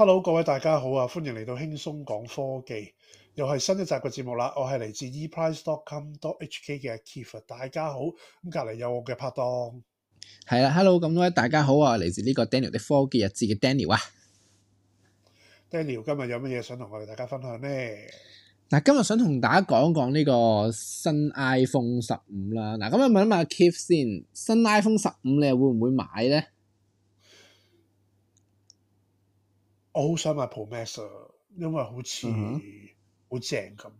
Hello，各位大家好啊，歡迎嚟到輕鬆講科技，又係新一集嘅節目啦。我係嚟自 eprice.com.hk 嘅 Kiefer，大家好。咁隔籬有我嘅拍檔，係啦。Hello，咁咧，大家好啊，嚟自呢個 Daniel 的科技日誌嘅 Daniel 啊。Daniel 今日有乜嘢想同我哋大家分享呢？嗱，今日想同大家講講呢個新 iPhone 十五啦。嗱，咁樣問，問一問 Kiefer 先，新 iPhone 十五你會唔會買咧？我好想買 Pro Max 啊，因為好似好正咁。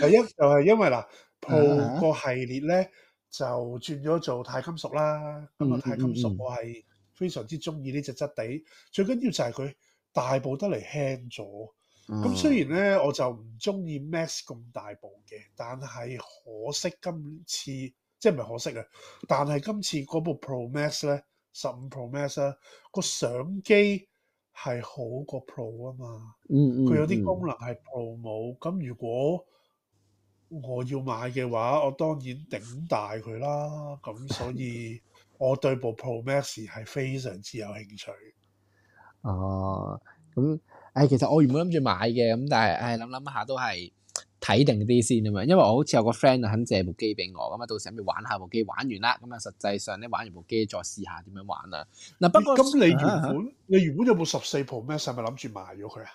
第一就係因為嗱、uh huh.，Pro 個系列咧就轉咗做鈦金屬啦。咁啊、uh，鈦、huh. 金屬我係非常之中意呢隻質地，uh huh. 最緊要就係佢大部得嚟輕咗。咁、uh huh. 雖然咧我就唔中意 Max 咁大部嘅，但係可惜今次即係唔係可惜啊！但係今次嗰部 Pro Max 咧，十五 Pro Max 啊，個相機。係好過 Pro 啊嘛，嗯嗯，佢有啲功能係 Pro 冇，咁如果我要買嘅話，我當然頂大佢啦。咁所以我對部 Pro Max 係非常之有興趣。啊、哦，咁，唉、哎，其實我原本諗住買嘅，咁但係，唉、哎，諗諗下都係。睇定啲先啊嘛，因為我好似有個 friend 啊肯借部機俾我，咁啊到時喺咪玩下部機，玩完啦，咁啊實際上咧玩完部機再試下點樣玩啊。嗱，不過咁你原本你原本有冇十四 Pro Max？係咪諗住賣咗佢啊？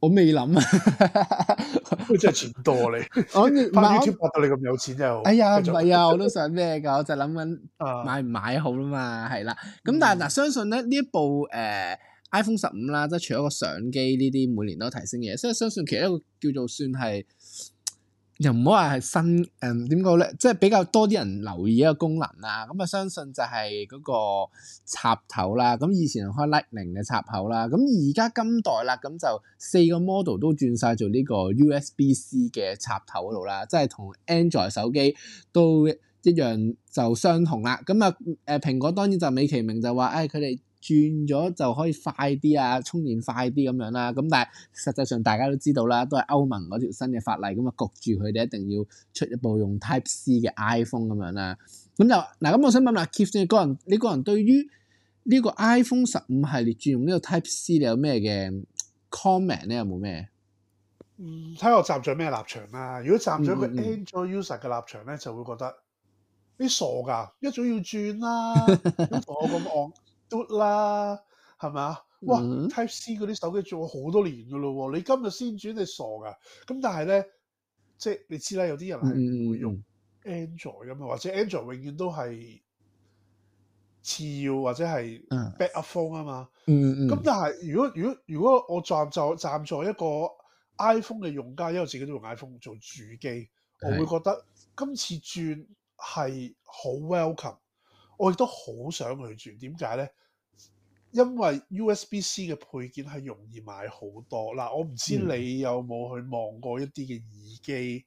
我未諗啊！ 你真係錢多你。我買八你咁有錢就。 哎呀，唔係啊，我都想咩噶，我就諗緊買唔買好啦嘛，係啦。咁、嗯嗯、但係嗱，相信咧呢一部誒。呃 iPhone 十五啦，即係除咗個相機呢啲每年都提升嘅嘢，所以相信其實一個叫做算係又唔好話係新，誒點講咧，即係比較多啲人留意一個功能啦。咁啊，相信就係嗰個插頭啦，咁以前開 Lightning 嘅插頭啦，咁而家今代啦，咁就四個 model 都轉晒做呢個 USB-C 嘅插頭嗰度啦，即係同 Android 手機都一樣就相同啦。咁啊，誒、呃、蘋果當然就美其名就話，誒佢哋。轉咗就可以快啲啊，充電快啲咁樣啦。咁但係實際上大家都知道啦，都係歐盟嗰條新嘅法例咁啊，焗住佢哋一定要出一部用 Type C 嘅 iPhone 咁樣啦。咁就嗱，咁我想問下 Keith 你個人，你個人對於呢個 iPhone 十五系列轉用呢個 Type C，你有咩嘅 comment 咧？有冇咩？嗯，睇我站咗咩立場啦、啊。如果站咗一個 Android user 嘅立場咧，嗯嗯、就會覺得你傻噶，一早要轉啦、啊，我咁按。都啦，係咪啊？哇、mm hmm.，Type C 嗰啲手機做咗好多年噶咯喎，你今日先轉你傻噶、啊？咁但係咧，即係你知啦，有啲人係唔會用 Android 噶嘛，或者 Android 永遠都係次要或者係 backup phone 啊嘛。嗯嗯、mm。咁、hmm. 但係如果如果如果我站就站在一個 iPhone 嘅用家，因為我自己都用 iPhone 做主機，mm hmm. 我會覺得今次轉係好 welcome。我亦都好想去轉，點解呢？因為 USB C 嘅配件係容易買好多嗱，我唔知你有冇去望過一啲嘅耳機，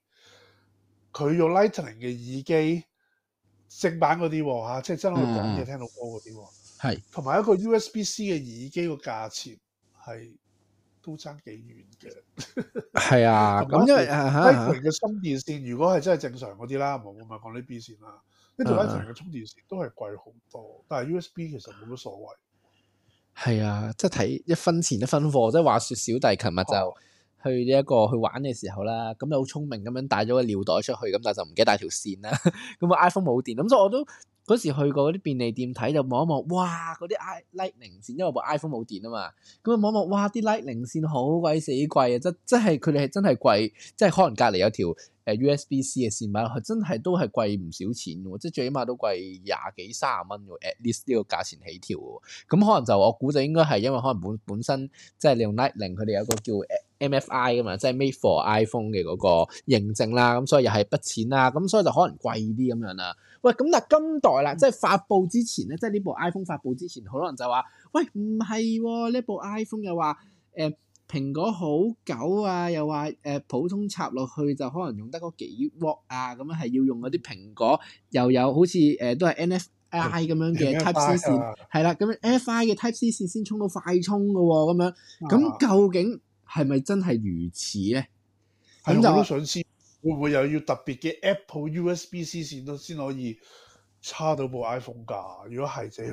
佢、嗯、用 Lightning 嘅耳機，正版嗰啲喎，即係真係喺網嘢聽到過嗰啲喎，同埋是一個 USB C 嘅耳機個價錢係都爭幾遠嘅，係 啊，咁有因為 Lightning 嘅充電線，如果係真係正常嗰啲啦，唔好唔好講啲 B 線啦。跟住 iPhone 成充電線都係貴好多，但係 USB 其實冇乜所謂。係啊，即係睇一分錢一分貨。即係話說，小弟琴日就去呢一個去玩嘅時候啦，咁你好聰明咁樣帶咗個尿袋出去，咁但就唔記得帶條線啦。咁 個 iPhone 冇電，咁所以我都嗰時去過嗰啲便利店睇，就望一望，哇！嗰啲 i Lightning 線，因為部 iPhone 冇電啊嘛。咁啊望一望，哇！啲 Lightning 線好鬼死貴啊，真真係佢哋係真係貴，即係可能隔籬有條。誒 USB-C 嘅線咪，佢真係都係貴唔少錢嘅，即係最起碼都貴廿幾三十蚊喎，at least 呢個價錢起跳喎。咁可能就我估就應該係因為可能本本身即係你用 Lightning 佢哋有個叫 MFI 嘅嘛，即係 made for iPhone 嘅嗰個認證啦，咁所以又係筆錢啦，咁所以就可能貴啲咁樣啦。喂，咁但係今代啦，即係發布之前咧，即係呢部 iPhone 發布之前，好多人就話，喂唔係喎呢部 iPhone 又話誒。呃蘋果好久啊，又話誒、呃、普通插落去就可能用得嗰幾瓦啊，咁樣係要用嗰啲蘋果又有好似誒、呃、都係 NFI 咁樣嘅 Type C 線，嗯，係啦、啊，咁 NFI 嘅 Type C 線先充到快充嘅喎，咁樣咁究竟係咪真係如此咧？咁就我都想知，會唔會又要特別嘅 Apple USB C 線都先可以插到部 iPhone 㗎？如果係就。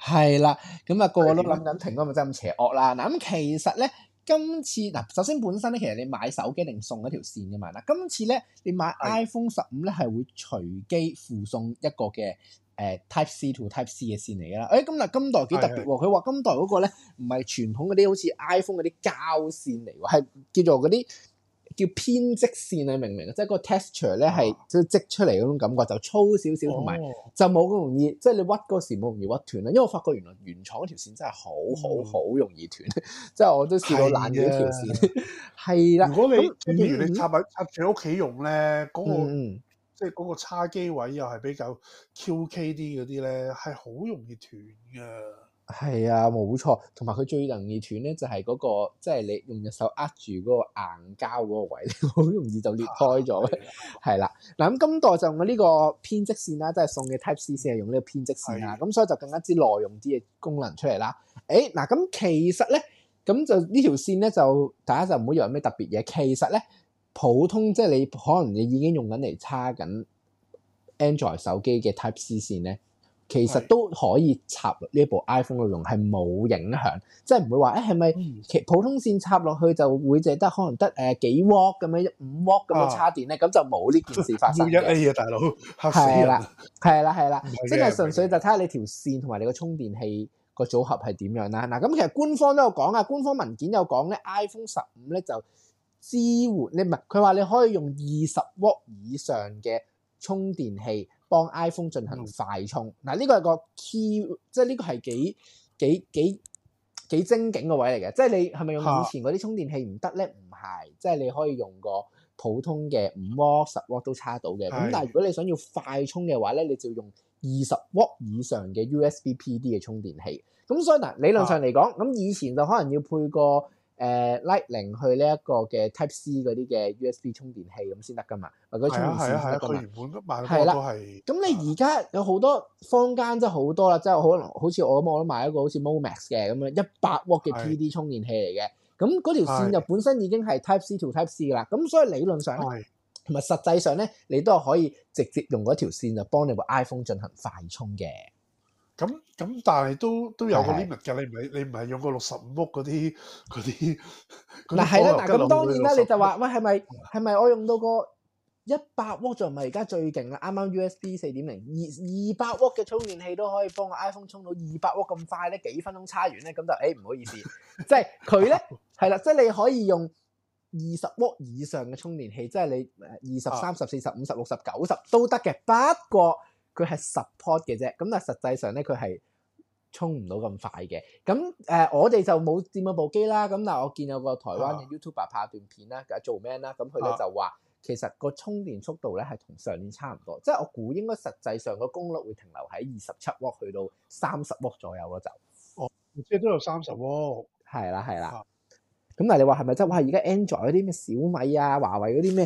係啦，咁啊、那個、個個都諗緊停啦，咪真係咁邪惡啦。嗱，咁其實咧，今次嗱，首先本身咧，其實你買手機定送一條線噶嘛。嗱，今次咧，你買 iPhone 十五咧係會隨機附送一個嘅誒、呃、Type C to Type C 嘅線嚟噶啦。誒，咁嗱，今代幾特別喎？佢話的今代嗰個咧唔係傳統嗰啲好似 iPhone 嗰啲膠線嚟，係叫做嗰啲。叫編織線啊，明唔明啊？即係嗰個 texture 咧，係即係織出嚟嗰種感覺、啊、就粗少少，同埋就冇咁容易，即係你屈嗰時冇容易屈斷啦。因為我發覺原來原廠條線真係好好好容易斷，嗯、即係我都試過爛咗條線。係啦的， 的如果你譬那如你插喺屋企用咧，嗰、那個即係嗰個插機位又係比較 QK 啲嗰啲咧，係好容易斷㗎。係啊，冇錯。同埋佢最容易斷咧，就係嗰個，即係你用隻手握住嗰個硬膠嗰個位，好 容易就裂開咗。係啦、啊，嗱，咁今代就用呢個編織線啦，即係送嘅 Type C 線係用呢個編織線啦，咁所以就更加之耐用啲嘅功能出嚟啦。誒、欸，嗱，咁其實咧，咁就呢條線咧就大家就唔好以為有咩特別嘢。其實咧，普通即係你可能你已經用緊嚟，叉緊 Android 手機嘅 Type C 線咧。其實都可以插呢一部 iPhone 嘅用，係冇影響，即係唔會話誒係咪其普通線插落去就會淨得可能得誒幾瓦咁樣，五瓦咁樣插電咧，咁就冇呢件事發生。要一 A 嘅大佬，嚇死啦！係啦係啦係啦，即係純粹就睇下你條線同埋你個充電器個組合係點樣啦。嗱，咁其實官方都有講啊，官方文件有講咧 iPhone 十五咧就支援，你唔係佢話你可以用二十瓦以上嘅充電器。幫 iPhone 進行快充，嗱呢、嗯、個係個 key，即係呢個係幾幾幾幾精警嘅位嚟嘅。即係你係咪用以前嗰啲充電器唔得咧？唔係，即係你可以用個普通嘅五瓦、十瓦都插到嘅。咁但係如果你想要快充嘅話咧，你就用二十瓦以上嘅 USB PD 嘅充電器。咁所以嗱理論上嚟講，咁、啊、以前就可能要配個。誒、uh, Lightning 去呢一個嘅 Type C 嗰啲嘅 USB 充電器咁先得噶嘛，啊、或者充電線都得噶嘛。佢原本都買咗都係。咁你而家有好多坊間即係好多啦，即係可能好似我咁，我都、啊就是、我買一個好似 MOMAX 嘅咁樣一百 W 嘅 PD 充電器嚟嘅，咁嗰條線就本身已經係 Type C to Type C 噶啦，咁所以理論上同埋對實際上咧，你都係可以直接用嗰條線就幫你部 iPhone 進行快充嘅。咁咁，但係都都有個 limit 㗎。你唔係你唔係用個六十五瓦嗰啲嗰啲。嗱係啦，嗱咁當然啦，你就話喂，係咪係咪我用到個一百瓦就唔係而家最勁啦？啱啱 USB 四點零二二百瓦嘅充電器都可以幫我 iPhone 充到二百瓦咁快咧，幾分鐘叉完咧，咁就誒唔好意思，即係佢咧係啦，即係你可以用二十瓦以上嘅充電器，即係你二十三十四十五十六十九十都得嘅，不過。佢係 support 嘅啫，咁但係實際上咧，佢係充唔到咁快嘅。咁、呃、誒，我哋就冇掂咗部機啦。咁但我見有個台灣嘅 YouTuber 拍段片啦，而家做咩啦？咁佢咧就話其實個充電速度咧係同上年差唔多，即係我估應該實際上個功率會停留喺二十七 W 去到三十 W 左右咯就。哦，即係都有三十 W，係啦，係啦。咁嗱，但你話係咪真係哇？而家 Android 嗰啲咩小米啊、華為嗰啲咩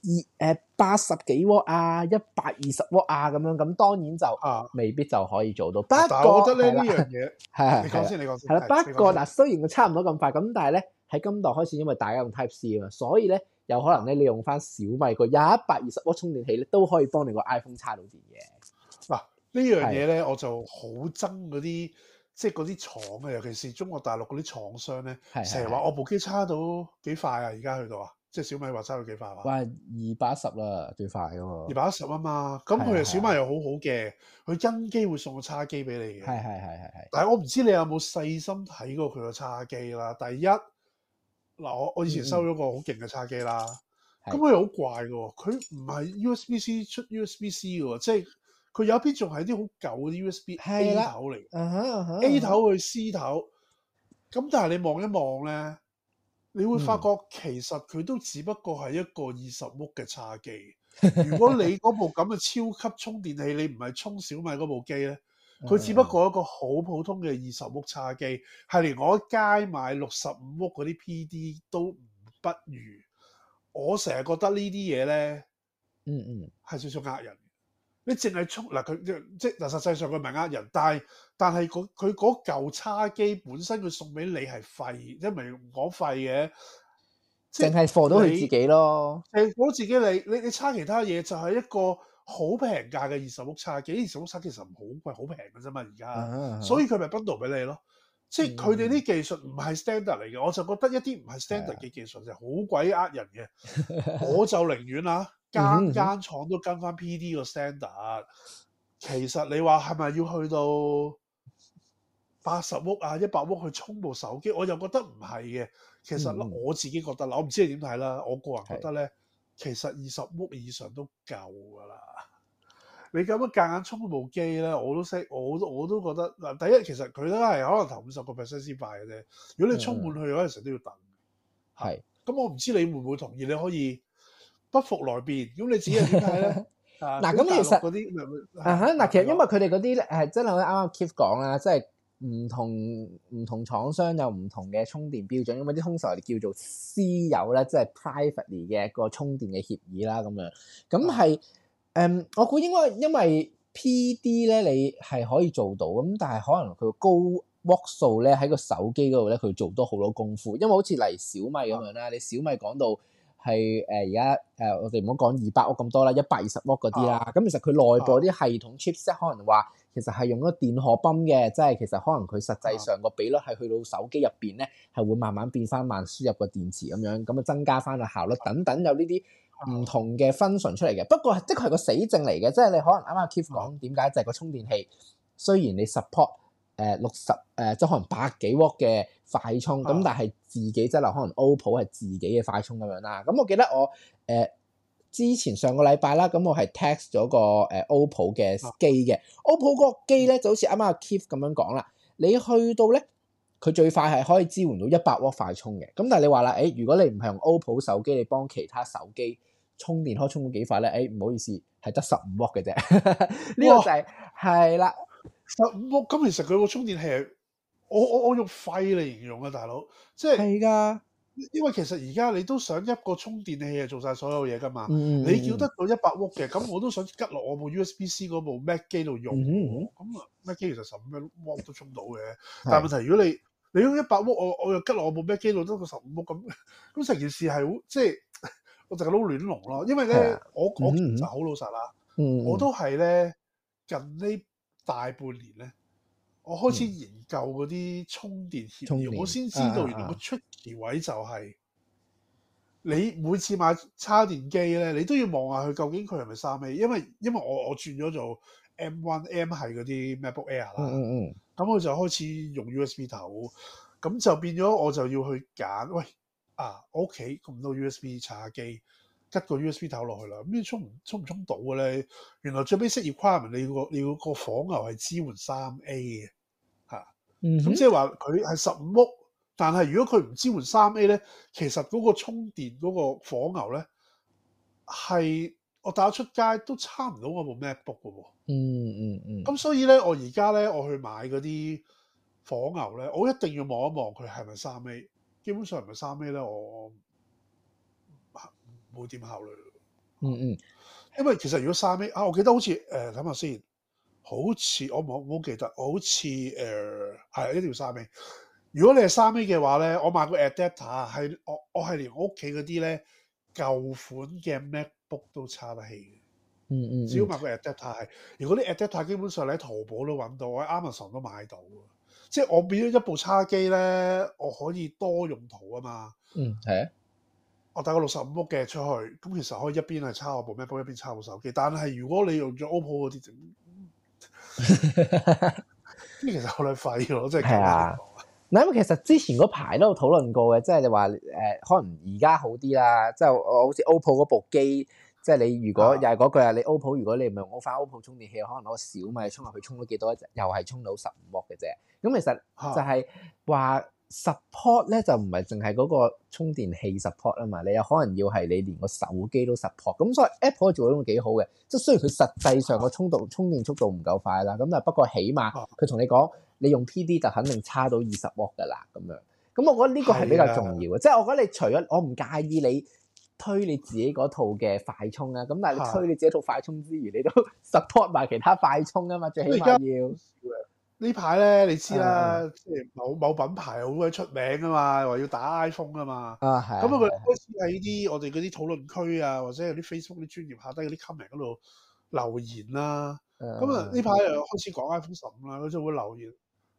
二二八十幾瓦啊、一百二十瓦啊咁樣，咁當然就未必就可以做到。啊、不過，係啦，係啦的，你講先，你講先。係啦的，不過嗱，雖然佢差唔多咁快，咁但係咧，喺今代開始，因為大家用 Type C 啊嘛，所以咧有可能咧，你用翻小米個一百二十瓦充電器咧，都可以幫你個 iPhone 叉到電嘅。嗱、啊，呢樣嘢咧，的我就好憎嗰啲。即係嗰啲廠啊，尤其是中國大陸嗰啲廠商咧，成日話我部機叉到幾快啊！而家去到啊，即係小米話叉到幾快啊？話二百一十啦，最快噶嘛？二百一十啊嘛，咁佢又小米又好好嘅，佢跟機會送個叉機俾你嘅。係係係係係。但係我唔知你有冇細心睇過佢個叉機啦。第一嗱，我我以前收咗個好勁嘅叉機啦，咁佢、嗯、又好怪嘅，佢唔係 USB-C 出 USB-C 喎，即係。佢有一邊仲係啲好舊嘅 USB 的 A 頭嚟，A 頭去 C 頭，咁但係你望一望呢，你會發覺其實佢都只不過係一個二十伏嘅叉機。 如果你嗰部咁嘅超級充電器，你唔係充小米嗰部機呢，佢只不過一個好普通嘅二十伏叉機，係連我街買六十五伏嗰啲 PD 都不如。我成日覺得呢啲嘢呢，嗯嗯，係少少呃人。你淨係促嗱佢，即係嗱，實際上佢咪呃人，但係但係佢佢嗰嚿叉機本身佢送俾你係廢，即係唔係講廢嘅，淨係貨到佢自己咯，貨到自己你你你叉其他嘢就係一個好平價嘅二十屋叉機，二十屋叉其實唔好貴，好平嘅啫嘛而家，所以佢咪 bundle 俾你咯，即係佢哋啲技術唔係 standard 嚟嘅，我就覺得一啲唔係 standard 嘅技術、啊、就好鬼呃人嘅， 我就寧願啊～間間廠都跟翻 PD 個 standard。其實你話係咪要去到八十屋啊，一百屋去充部手機？我又覺得唔係嘅，其實我自己覺得啦，嗯、我唔知你點睇啦。我個人覺得咧，是其實二十屋以上都夠噶啦。你咁樣夾硬充部機咧，我都識，我都我都覺得嗱。第一，其實佢都係可能頭五十個 percent 先快嘅啫。如果你充滿去，有陣時都要等。係是，咁是我唔知你會唔會同意，你可以。不服來辯，咁你自己又點睇咧？嗱，咁其實嗰啲啊嚇，嗱，其實因為佢哋嗰啲誒真係我啱啱 keep 講啦，即係唔同唔同廠商有唔同嘅充電標準，因為啲充實我哋叫做私有咧，即係 private 嘅個充電嘅協議啦咁樣。咁係誒，我估應該因為 PD 咧，你係可以做到咁，但係可能佢個高 work 數咧喺個手機嗰度咧，佢做多好多功夫，因為好似例如小米咁樣啦，你小米講到。係誒而家誒，我哋唔好講二百屋咁多啦，一百二十屋嗰啲啦，咁、啊、其實佢內部啲系統 chipset 可能話，其實係用咗個電荷泵嘅，即係其實可能佢實際上個比率係去到手機入邊咧，係會慢慢變翻慢輸入個電池咁樣，咁啊增加翻個效率等等有呢啲唔同嘅 function 出嚟嘅。不過即係佢係個死症嚟嘅，即係你可能啱啱 Keith 講點解就係、是、個充電器，雖然你 support。誒六十誒，即可能百幾瓦嘅快充，咁、啊、但係自己即係可能 OPPO 係自己嘅快充咁樣啦。咁、嗯、我記得我誒、呃、之前上個禮拜啦，咁、嗯、我係 test 咗、啊、個誒 OPPO 嘅機嘅。OPPO 嗰個機咧就好似啱啱阿 Kief 咁樣講啦，你去到咧，佢最快係可以支援到一百瓦快充嘅。咁、嗯、但係你話啦，誒、哎、如果你唔係用 OPPO 手機，你幫其他手機充電開充機，可充到幾快咧？誒唔好意思，係得十五瓦嘅啫。呢 個就係係啦。哇十五伏，咁其實佢個充電器，我我我用廢嚟形容啊，大佬，即係，係噶的，因為其實而家你都想一個充電器係做晒所有嘢噶嘛，嗯、你叫得到一百伏嘅，咁我都想吉落我部 USB-C 嗰部 Mac 機度用，咁啊、嗯、Mac 機其實十五伏都充到嘅，的但係問題，如果你你用一百伏，我又我又吉落我部 Mac 機度得個十五伏，咁咁成件事係好即係，我淨係撈亂龍咯，因為咧、嗯、我我就好老實啦，嗯嗯、我都係咧近呢。近大半年咧，我開始研究嗰啲充電協議，嗯、我先知道原來個出奇位就係、係、你每次買叉電機咧，你都要望下佢究竟佢係咪三 A，因為因為我我轉咗做 M1，M M 係嗰啲 MacBook Air 啦、嗯，咁、嗯、佢就開始用 USB 頭，咁就變咗我就要去揀。喂，啊，我屋企咁多 USB 插機。一個 USB 頭落去啦，咩充唔充唔充到嘅咧？原來最 basic requirement，你要你要個火牛係支援三 A 嘅嚇，咁即係話佢係十五屋，但係如果佢唔支援三 A 咧，其實嗰個充電嗰個火牛咧係我帶我出街都差唔到我部 MacBook 嘅喎。嗯嗯嗯。咁、hmm. 所以咧，我而家咧我去買嗰啲火牛咧，我一定要望一望佢係咪三 A，基本上唔係三 A 咧，我。我會點考慮？嗯嗯，因為其實如果三 A 啊，我記得好似誒，諗、呃、下先，好似我冇冇記得，好似誒係呢條三 A。如果你係三 A 嘅話咧，我買個 adapter 係我我係連屋企嗰啲咧舊款嘅 MacBook 都差得起嘅。嗯嗯，只要買個 adapter 係，如果啲 adapter 基本上你喺淘寶都搵到，我喺 Amazon 都買到。即係我變咗一部叉機咧，我可以多用途啊嘛。嗯，係啊。我帶個六十五伏嘅出去，咁其實可以一邊係插我部 MacBook， 一邊插部，部手機。但係如果你用咗 OPPO 嗰啲，咁、嗯、 其實好鬼廢咯，即係。係啊，嗱咁 其實之前嗰排都有討論過嘅，即係你話誒，可能而家好啲啦。即係好似 OPPO 嗰部機，即、就、係、是、你如果又係嗰句啊，你 OPPO 如果你唔用我翻 OPPO 充電器，可能攞小米充入去充咗幾多？又係充到十五伏嘅啫。咁其實就係話。support 咧就唔係淨係嗰個充電器 support 啊嘛，你有可能要係你連個手機都 support，咁所以 Apple 做得都幾好嘅。即係雖然佢實際上個充度充電速度唔夠快啦，咁但係不過起碼佢同你講，你用 PD 就肯定充到二十瓦噶啦咁樣。咁我覺得呢個係比較重要嘅，即係的我覺得你除咗我唔介意你推你自己嗰套嘅快充啦，咁但係你推你自己套快充之餘，你都 support 埋其他快充啊嘛，最起碼要。呢排咧，你知啦，即係某某品牌好鬼出名啊嘛，話要打 iPhone 啊嘛。啊，係。咁啊，佢開始喺啲我哋嗰啲討論區啊，uh, 或者有啲 Facebook 啲專頁下低嗰啲 comment 度留言啦。咁啊，呢排又開始講 iPhone 十五啦，佢就會留言，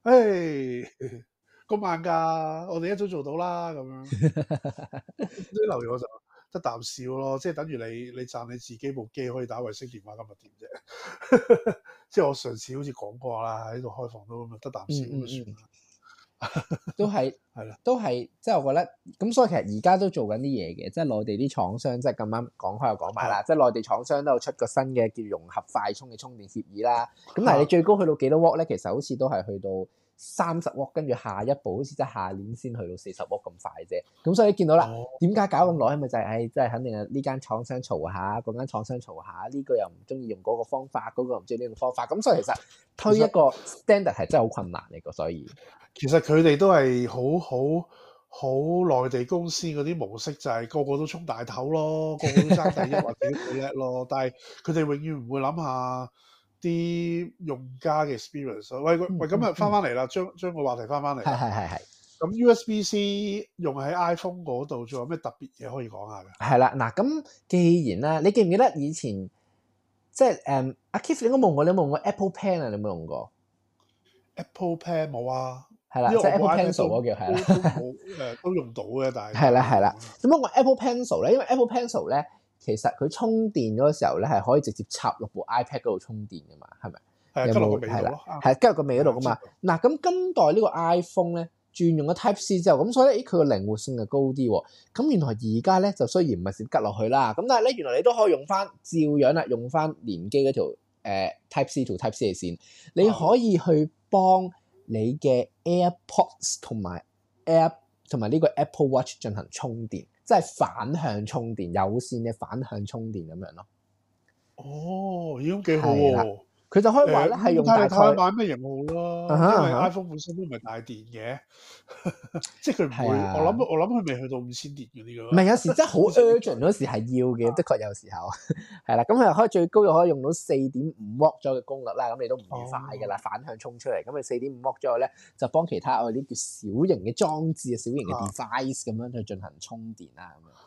誒，咁慢㗎，我哋一早做到啦咁樣。即 留言我就得啖笑咯，即、就、係、是、等於你你讚你自己部機可以打衛星電話咁嘅點啫。 即係我上次好似講過啦，喺度開房都得啖笑咁算啦、嗯嗯嗯。都係係啦， 的都係即係我覺得咁，所以其實而家都在做緊啲嘢嘅，即係內地啲廠商即係咁啱講開又講埋啦，嗯、即係內地廠商都有出個新嘅叫融合快充嘅充電協議啦。咁但係你最高去到幾多瓦咧？其實好似都係去到。三十 W，跟住下一步，好似得下年先去到四十 W 咁快啫。咁所以你見到啦，點解、哦、搞咁耐？咪就係、是，即真係肯定係呢間廠商嘈下，嗰間廠商嘈下，呢、這個又唔中意用嗰個方法，嗰、這個唔中意呢種方法。咁所以其實推一個 standard 係真係好困難嚟嘅。所以其實佢哋都係好好好內地公司嗰啲模式，就係個個都衝大頭咯，個個都爭第一或者好叻咯。但係佢哋永遠唔會諗下。啲用家嘅 experience，喂，喂咁啊，翻翻嚟啦，將將個話題翻翻嚟，係係係係。咁 USB-C 用喺 iPhone 嗰度，仲有咩特別嘢可以講下嘅？係啦，嗱咁既然咧，你記唔記得以前即係誒、嗯、阿 Keith，你有冇用過？你有冇用過 Apple Pen 啊？你有冇用過？Apple Pen 冇啊，係啦的，即係 Apple Pencil 嗰個叫係啦，誒都， 都用到嘅，但係係啦係啦。點解我 Apple Pencil 呢？因為 Apple Pencil 呢？其實佢充電嗰時候咧，係可以直接插落部 iPad 嗰度充電噶嘛，係咪？係，吉落個尾嗰度。係啊，吉落個尾嗰度噶嘛。嗱，咁、啊、今代個呢個 iPhone 咧轉用咗 Type C 之後，咁所以咧，誒佢個靈活性就高啲。咁、啊、原來而家咧就雖然唔係直接吉落去啦，咁但係咧原來你都可以用翻，照樣啦，用翻連機嗰條 Type C 到 Type C 嘅線，啊、你可以去幫你嘅 AirPods 同埋 Air, App 同埋呢個 Apple Watch 進行充電。即係反向充電，有線嘅反向充電咁樣咯。哦，已經幾好喎！佢就可以話咧，係用大。睇你買咩型號咯，因為 iPhone 本身都唔係大電嘅，即係佢唔會。我諗我諗佢未去到五千電嗰啲嘅。唔係有時真係好 urgent 嗰時係要嘅，的確有時候係啦。咁佢又可以最高又可以用到四點五瓦咗嘅功率啦，咁你都唔快㗎啦，反向充出嚟。咁你四點五瓦咗咧，就幫其他我哋啲叫小型嘅裝置、小型嘅 device 咁樣去進行充電啦咁樣。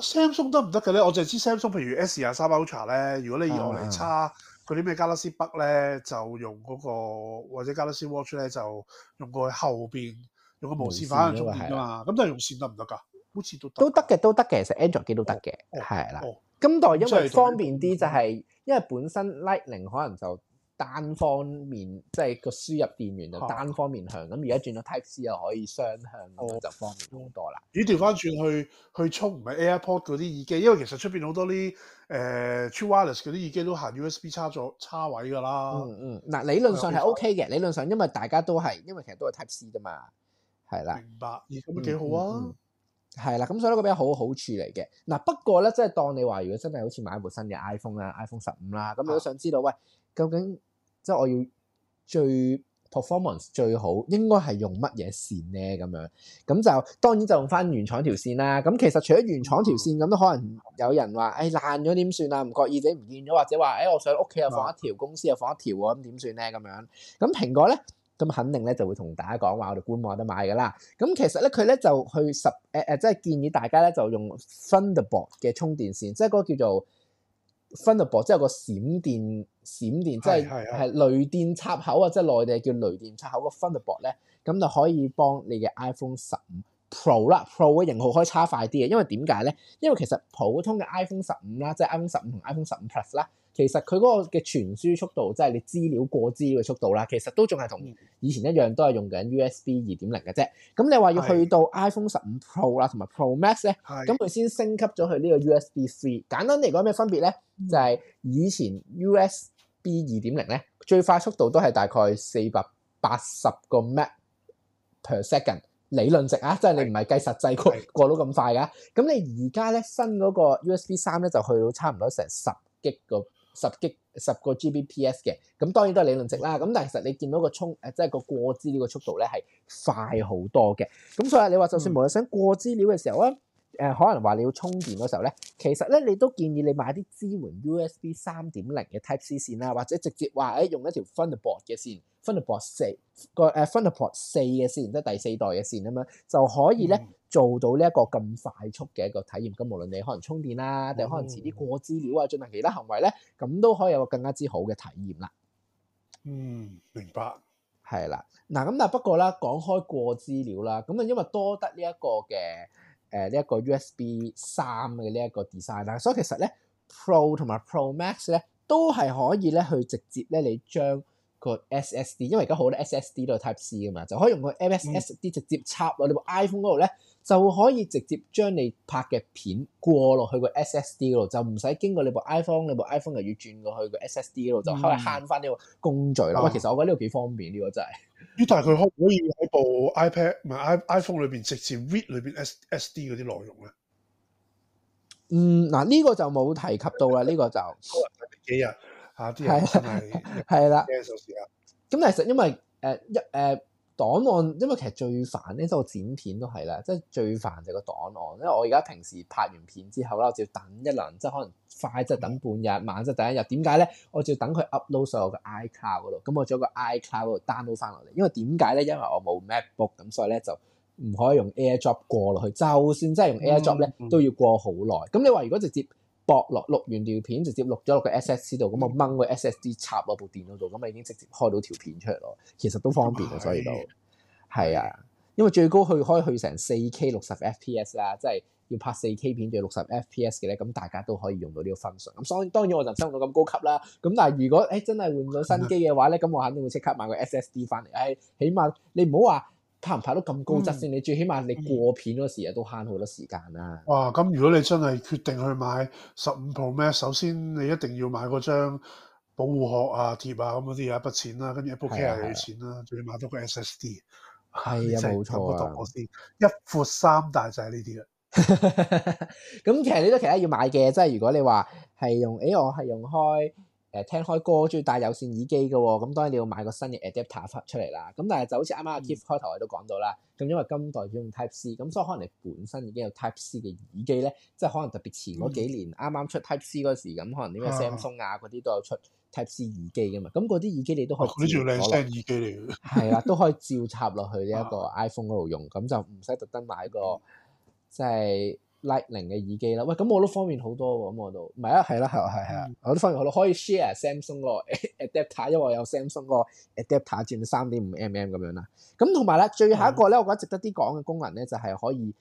Samsung 得唔得嘅咧？我淨係知 Samsung，譬如 S 廿三 Ultra 咧，如果你要嚟叉。嗰啲咩 Galaxy 筆咧，就用嗰、那個或者 Galaxy Watch 咧，就用個後邊用個無線反向充電噶嘛。咁就係用線得唔得噶？好似都都得嘅，都得嘅，其實 Android 機都得嘅，係啦。咁代因為方便啲、就是，就係因為本身 Lightning 可能就單方面，即係個輸入電源就單方面向。咁而家轉到 Type C 又可以雙向，哦、就方便好多啦、哦。咦？調翻轉去去充唔係 AirPod 嗰啲耳機，因為其實出邊好多啲。誒 True Wireless 嗰啲耳機都行 USB 插座插位㗎啦。嗯嗯，嗱、啊、理論上係 OK 嘅，理論上因為大家都係，因為其實都係 Type C 㗎嘛，係啦。明白，咁都、嗯、幾好啊。係啦、嗯，咁、嗯、所以呢個比較好好處嚟嘅。嗱、啊、不過咧，即係當你話如果真係好似買一部新嘅 iPhone 啊 iPhone 十五啦，咁你都想知道，啊、喂，究竟即係我要最？Performance 最好應該係用乜嘢線呢？咁樣咁就當然就用翻原廠條線啦。咁其實除咗原廠條線，咁都可能有人話，誒爛咗點算啊？唔覺意者唔見咗，或者話誒、哎、我上屋企又放一條，的公司又放一條喎，咁點算呢？咁樣咁蘋果咧，咁肯定咧就會同大家講話，我哋官網有得買噶啦。咁其實咧，佢咧就去十誒誒，即係建議大家咧就用 Thunderbolt 嘅充電線，即係嗰個叫做。Thunderbolt 即係個閃電，閃電即係係雷電插口啊！即係內地叫雷電插口個 Thunderbolt 咧，咁就可以幫你嘅 iPhone 十五 Pro 啦，Pro 嘅型號可以差快啲嘅，因為點解咧？因為其實普通嘅 iPhone 十五啦，即係 iPhone 十五同 iPhone 十五 Plus 啦。其實佢嗰個嘅傳輸速度，即係你資料過資嘅速度啦，其實都仲係同以前一樣，都係用緊 U S B 二點零嘅啫。咁你話要去到 iPhone 十五 Pro 啦，同埋 Pro Max 咧的，咁佢先升級咗佢呢個 U S B 三。簡單嚟講，咩分別咧？就係以前 U S B 二點零咧，最快速度都係大概四百八十個 Mbps 理論值啊，即係的你唔係計實際過過到咁的快㗎。咁你而家咧，新嗰個 U S B 三咧，就去到差唔多成十吉個。十吉個 Gbps 嘅，咁當然都係理論值啦。咁但係其實你見到個充誒，即係個過資料嘅速度咧係快好多嘅。咁所以你話就算無論想過資料嘅時候啊。嗯誒、呃、可能話你要充電嗰時候咧，其實咧你都建議你買啲支援 USB 三點零嘅 Type C 線啦，或者直接話誒、哎、用一條 Thunderbolt 嘅線，Thunderbolt 四個誒 Thunderbolt 四嘅線，即係、呃、第四代嘅線啊嘛，就可以咧做到呢一個咁快速嘅一個體驗。咁無論你可能充電啦，定可能遲啲過資料啊，進行其他行為咧，咁都可以有個更加之好嘅體驗啦。嗯，明白。係啦，嗱咁但不過咧，講開過資料啦，咁啊因為多得呢一個嘅。誒呢一個 USB 三嘅呢一個 design 啦，所以其實咧 Pro 同埋 Pro Max 咧都係可以咧去直接咧你將個 SSD，因為而家好多 SSD 都有 Type C 㗎嘛，就可以用個 MSSD 直接插落你部 iPhone 嗰度咧，嗯、就可以直接將你拍嘅片過落去個 SSD 嗰度，就唔使經過你部 iPhone，你部 iPhone 又要轉過去個 SSD 嗰度，就係慳翻啲工序啦。喂、嗯，其實我覺得呢個幾方便，呢、這個真係。呢大係佢可唔可以喺部 iPad 唔係 i Pad, iPhone 裏邊直接 read 裏邊 S S D 嗰啲內容咧？嗯，嗱、這、呢個就冇提及到啦，呢 個就幾日吓啲人係啦，係啦，咁 的但其實因為誒一誒。呃呃檔案，因為其實最煩咧，即係我剪片都係啦，即係最煩就係個檔案。因為我而家平時拍完片之後啦，我就要等一輪，即係可能快即係等半日，慢即係等一日。點解咧？我就要等佢 upload 所有嘅 iCloud 嗰度，咁我將個 iCloud 度 download 翻落嚟。因為點解咧？因為我冇 MacBook，咁所以咧就唔可以用 AirDrop 過落去。就算真係用 AirDrop 咧，都要過好耐。咁、嗯嗯、你話如果直接落錄完條片，直接錄咗落個 SSD 度，咁我掹個 SSD 插落部電腦度，咁啊已經直接開到條片出嚟咯。其實都方便啊，所以都係啊。因為最高去開去成四 K 六十 FPS 啦，即係要拍四 K 片對六十 FPS 嘅咧，咁大家都可以用到呢個功能。咁所以當然我就收唔到咁高級啦。咁但係如果誒真係換咗新機嘅話咧，咁我肯定會即刻買個 SSD 翻嚟。唉、哎，起碼你唔好話。拍唔拍到咁高質先？你最起碼你過片嗰時都慳好多時間啦。哇、啊！咁如果你真係決定去買十五 Pro Max，首先你一定要買嗰張保護殼啊、貼啊咁嗰啲有一筆錢啦、啊，跟住 AppleCare 又有錢啦、啊，仲要買多個 SSD。係啊、哎呀，冇錯啊。一闊三大就係呢啲啦。咁 其實你都其他要買嘅，即係如果你話係用，誒我係用開。誒聽開歌，中意戴有線耳機嘅喎，咁當然你要買個新嘅 adapter 出嚟啦。咁但係就好似啱啱阿 Keith 開頭我都講到啦，咁、嗯、因為今代要用 Type C，咁所以可能你本身已經有 Type C 嘅耳機咧，即係可能特別前嗰幾年啱啱、嗯、出 Type C 嗰時，咁可能點解、啊、Samsung 啊嗰啲都有出 Type C 耳機嘅嘛，咁嗰啲耳機你都可以攞落。靚聲、啊、耳機嚟嘅。係啦、 啊，都可以照插落去呢一個 iPhone 嗰度用，咁就唔使特登買個即係。就是 Lightning 嘅耳機啦，喂，咁我都方便好多喎，咁我都，唔係啊，係啦，係啊，係啊，我都方便好多，可以 share Samsung 個 adapter，因為我有 Samsung 個 adapter 轉三點五 mm 咁樣啦。咁同埋咧，最後一個咧，我覺得值得啲講嘅功能咧，就係可以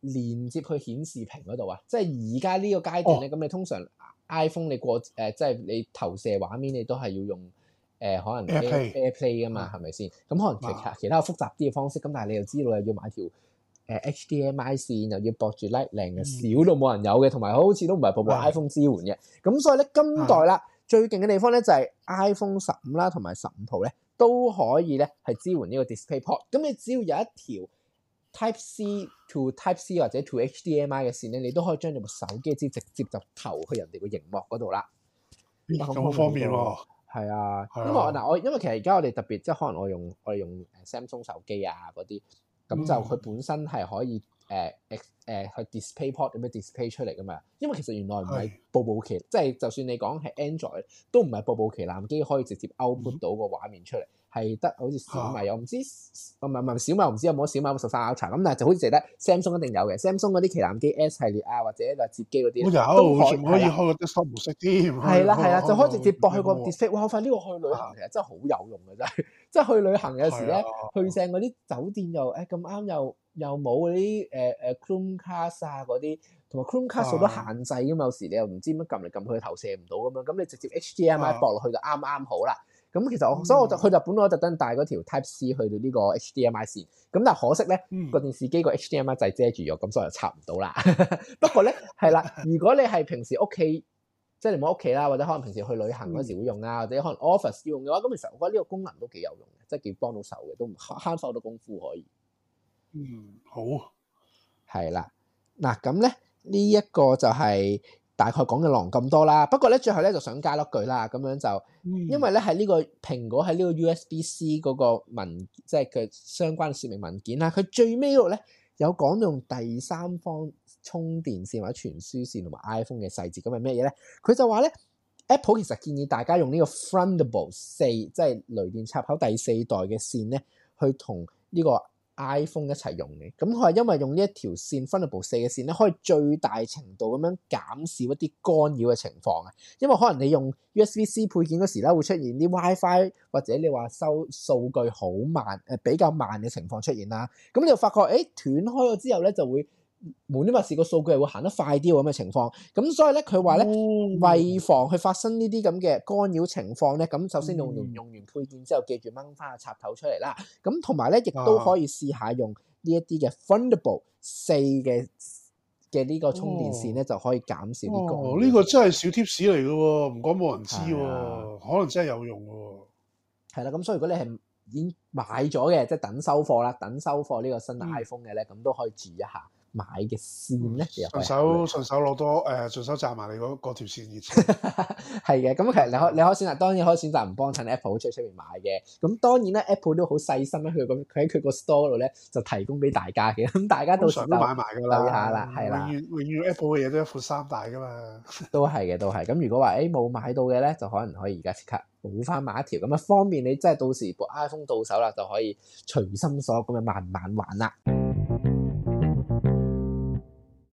連接去顯示屏嗰度啊。即係而家呢個階段咧，咁、哦、你通常 iPhone 你過誒，即、呃、係、就是、你投射畫面，你都係要用誒、呃，可能 AirPlay 噶嘛，係咪先？咁吧可能其他哇其他複雜啲嘅方式，咁但係你又知道又要買條。誒 HDMI 線又要駁住 Lightning 嘅少到冇人有嘅，同埋好似都唔係部部 iPhone 支援嘅。咁的所以咧，今代啦最勁嘅地方咧就係 iPhone 十五啦同埋十五 Pro 咧都可以咧係支援呢個 DisplayPort。咁你只要有一條 Type C to Type C 或者 to HDMI 嘅線咧，你都可以將你部手機先直接就投去人哋個熒幕嗰度啦。咁好方便喎。係啊。因為嗱我因為其實而家我哋特別即係可能我用我用 Samsung 手機啊嗰啲。咁就佢本身係可以誒誒去 display port 有咩 display 出嚟㗎嘛？因為其實原來唔係部部旗，即係是就，就算你講係 Android，都唔係部部旗艦機可以直接 output 到個畫面出嚟。係得，好似小米又唔知，唔係唔係小米，唔知有冇小米十三 Ultra 咁，但係就好似淨得 Samsung 一定有嘅，Samsung 嗰啲旗艦機 S 系列啊，或者話折機嗰啲，有全部可以開個 desktop 模式添。係啦係啦，就可直接駁去個 desktop。哇！我發現呢個去旅行其實真係好有用嘅，真係，即係去旅行有時咧，去剩嗰啲酒店又誒咁啱又又冇嗰啲誒誒 Chromecast 啊嗰啲，同埋 Chromecast 好多限制㗎嘛，有時你又唔知點樣撳嚟撳去投射唔到咁樣，咁你直接 HDMI 駁落去就啱啱好啦。咁其實我，所以我就去日本，我特登帶嗰條 Type C 去到呢個 HDMI 線。咁但係可惜咧，個電視機個 HDMI 就係遮住咗，咁所以就插唔到啦。不過咧，係啦，如果你係平時屋企， 即係你冇屋企啦，或者可能平時去旅行嗰時會用啊，或者可能 office 用嘅話，咁其實我覺得呢個功能都幾有用嘅，即係幾幫到手嘅，都慳翻好多功夫可以。嗯，好。係啦，嗱，咁咧呢一個就係、是。大概講嘅狼咁多啦，不過咧，最後咧，就想加多句啦。咁樣就因為咧喺呢個蘋果喺呢個 USB-C 嗰個文，即係佢相關説明文件啦，佢最尾度咧有講用第三方充電線或者傳輸線同埋 iPhone 嘅細節，咁係咩嘢咧？佢就話咧 Apple 其實建議大家用呢個 Thunderbolt 四，即係雷電插口第四代嘅線咧，去同呢、呢個。iPhone 一齊用嘅，咁佢係因為用呢一條線，Thunderbolt 四嘅線咧，可以最大程度咁樣減少一啲干擾嘅情況啊。因為可能你用 USB-C 配件嗰時咧，會出現啲 WiFi 或者你話收數據好慢，誒、呃、比較慢嘅情況出現啦。咁、嗯、你就發覺，誒斷開咗之後咧，就會。無線麥士個數據係會行得快啲咁嘅情況，咁所以咧，佢話咧，為防佢發生呢啲咁嘅干擾情況咧，咁、嗯、首先用用用完配件之後，記住掹翻個插頭出嚟啦。咁同埋咧，亦都可以試下用呢一啲嘅 Thunderbolt 四嘅嘅呢個充電線咧，就可以減少呢干擾。呢、哦哦，這個真係小 tips 嚟嘅，唔講冇人知、啊，啊、可能真係有用嘅、啊。係啦、啊，咁所以如果你係已經買咗嘅，即、就、係、是、等收貨啦，等收貨呢個新 iPhone 嘅咧，咁都、嗯、可以注意一下。買嘅線咧，順手順手攞多誒，順、呃、手賺埋你嗰嗰條線嘅，係嘅。 咁其實你可以你可以選擇，當然可以選擇唔幫襯 Apple 出出面買嘅。咁、嗯、當然咧，Apple 都好細心咧，佢個佢喺佢個 store 度咧就提供俾大家嘅。咁、嗯、大家到時都買埋下啦，係啦，永遠永遠 Apple 嘅嘢都一闊三大噶嘛，都係嘅，都係。咁如果話誒冇買到嘅咧，就可能可以而家即刻補翻買一條，咁啊方便你即係到時部 iPhone 到手啦，就可以隨心所咁樣慢慢玩啦。嗯